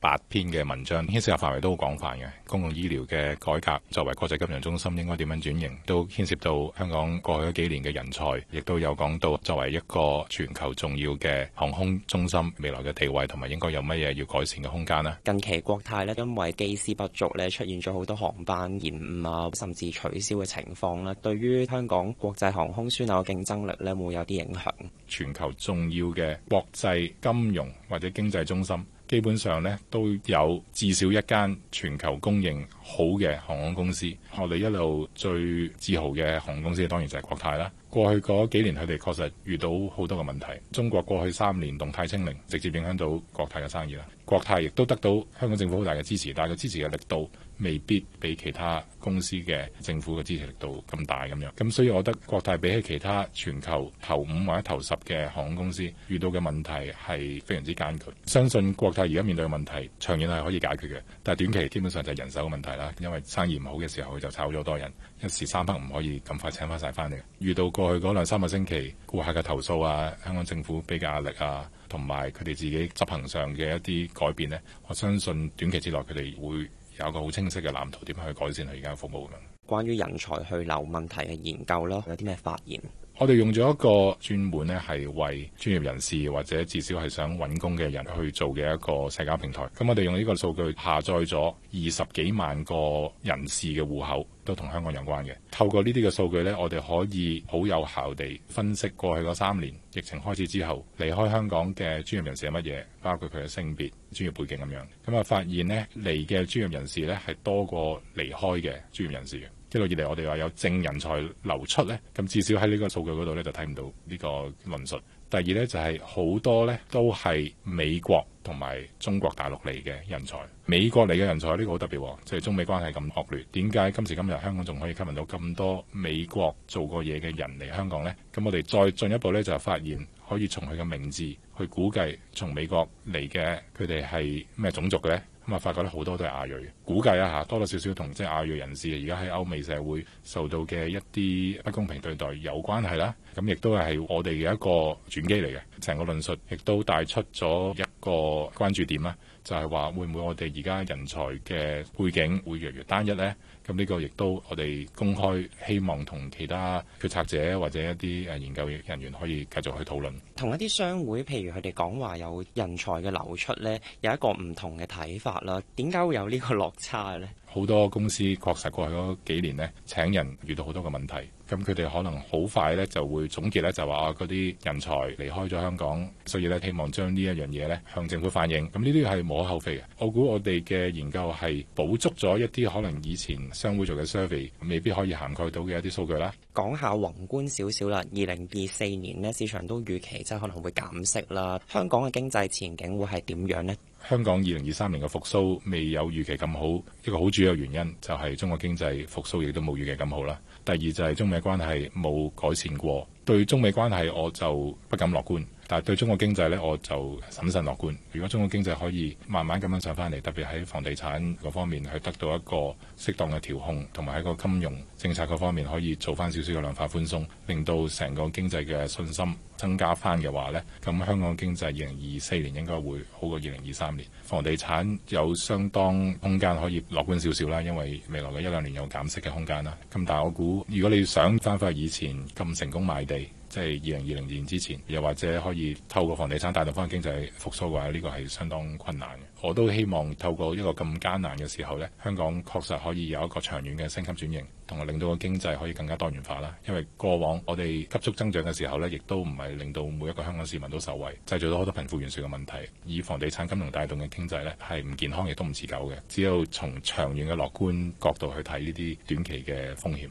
八篇嘅文章，牽涉嘅範圍都好廣泛嘅。公共醫療嘅改革，作為國際金融中心，應該點樣轉型？都牽涉到香港過去嗰幾年嘅人才，亦都有講到作為一個全球重要嘅航空中心，未來嘅地位同埋應該有乜嘢要改善嘅空間咧？近期國泰咧，因為機師不足咧，出現咗好多航班延誤啊，甚至取消嘅情況咧。對於香港國際航空樞紐嘅競爭力咧，會有啲影響。全球重要嘅國際金融或者經濟中心。基本上咧都有至少一間全球公認好嘅航空公司，我哋一路最自豪嘅航空公司當然就係國泰啦。過去嗰幾年佢哋確實遇到好多嘅問題。中國過去三年動態清零，直接影響到國泰嘅生意啦。國泰亦都得到香港政府好大嘅支持，但係佢支持嘅力度未必比其他公司嘅政府嘅支持力度咁大咁樣。咁所以我覺得國泰比起其他全球頭五或者頭十嘅航空公司遇到嘅問題係非常之艱巨。相信國泰而家面對嘅問題長遠係可以解決嘅，但係短期基本上就係人手嘅問題啦。因為生意唔好嘅時候，佢就炒咗多人，一時三刻唔可以咁快請返晒返嚟，遇到。過去嗰兩三個星期，顧客嘅投訴啊，香港政府俾嘅壓力啊，同埋佢哋自己執行上嘅一啲改變呢，我相信短期之內佢哋會有個好清晰嘅藍圖，點樣去改善佢而家嘅服務咁樣。關於人才去留問題嘅研究咯，有啲咩發現？我哋用咗一個專門呢，係為專業人士或者至少係想揾工嘅人去做嘅一個社交平台。咁、嗯、我哋用呢個數據下載咗二十幾萬個人士嘅戶口都同香港有關嘅。透過呢啲嘅數據呢，我哋可以好有效地分析過去嗰三年疫情開始之後離開香港嘅專業人士係乜嘢，包括佢嘅性別、專業背景咁樣。咁、嗯、啊，發現呢嚟嘅專業人士呢，係多過離開嘅專業人士嘅。一路以嚟，我哋話有淨人才流出呢。咁至少喺呢個數據嗰度呢，就睇唔到呢個論述。第二呢，就係好多呢都係美國同埋中國大陸嚟嘅人才，美國嚟嘅人才呢個好特別，即係中美關係咁惡劣，點解今時今日香港仲可以吸引到咁多美國做過嘢嘅人嚟香港呢？咁我哋再進一步呢，就發現，可以從佢嘅名字去估計，從美國嚟嘅佢哋係咩種族嘅呢？咁啊，發覺咧好多都係亞裔，估計一下，多多少少同即係亞裔人士而家喺歐美社會受到嘅一啲不公平對待有關係啦。咁亦都係我哋嘅一個轉機嚟嘅。成個論述亦都帶出咗一個關注點啦，就係、是、話就係話會唔會我哋而家人才嘅背景會越嚟越單一呢？咁呢個亦都我哋公開希望同其他決策者或者一啲誒研究人員可以繼續去討論。同一啲商會，譬如佢哋講話有人才嘅流出呢，有一個唔同嘅睇法。點解會有呢個落差嘅咧？好多公司確實過去嗰幾年呢，請人遇到好多嘅問題，咁佢哋可能好快呢就會總結呢，就話嗰啲人才離開咗香港，所以呢，希望將呢一樣嘢呢向政府反映。咁呢啲係無可厚非嘅。我估我哋嘅研究係補足咗一啲可能以前商會做嘅 survey，未必可以涵蓋到嘅一啲數據啦。講下宏觀少少啦，二零二四年呢，市場都預期即係可能會減息啦。香港嘅經濟前景會係點樣呢？香港二零二三年嘅復蘇未有預期咁好，一個好主。個原因就係中國經濟復蘇亦都冇預期咁好啦。第二就係中美關係冇改善過，對中美關係我就不敢樂觀。但對中國經濟呢，我就審慎樂觀。如果中國經濟可以慢慢咁樣上翻嚟，特別喺房地產嗰方面，去得到一個適當嘅調控，同埋喺個金融政策嗰方面可以做翻少少嘅量化寬鬆，令到成個經濟嘅信心增加翻嘅話呢，咁香港經濟二零二四年應該會好過二零二三年。房地產有相當空間可以樂觀少少啦，因為未來嘅一兩年有減息嘅空間啦。咁但係我估，如果你想翻返去以前咁成功賣地，即係二零二零年之前，又或者可以透過房地產帶動翻經濟復甦嘅話，呢個係相當困難嘅。我都希望透過一個咁艱難嘅時候呢，香港確實可以有一個長遠嘅升級轉型，同埋令到個經濟可以更加多元化啦。因為過往我哋急速增長嘅時候呢，亦都唔係令到每一個香港市民都受惠，製造咗好多貧富懸殊嘅問題。以房地產金融帶動嘅經濟呢，係唔健康，亦都唔持久嘅。只有從長遠嘅樂觀角度去睇呢啲短期嘅風險。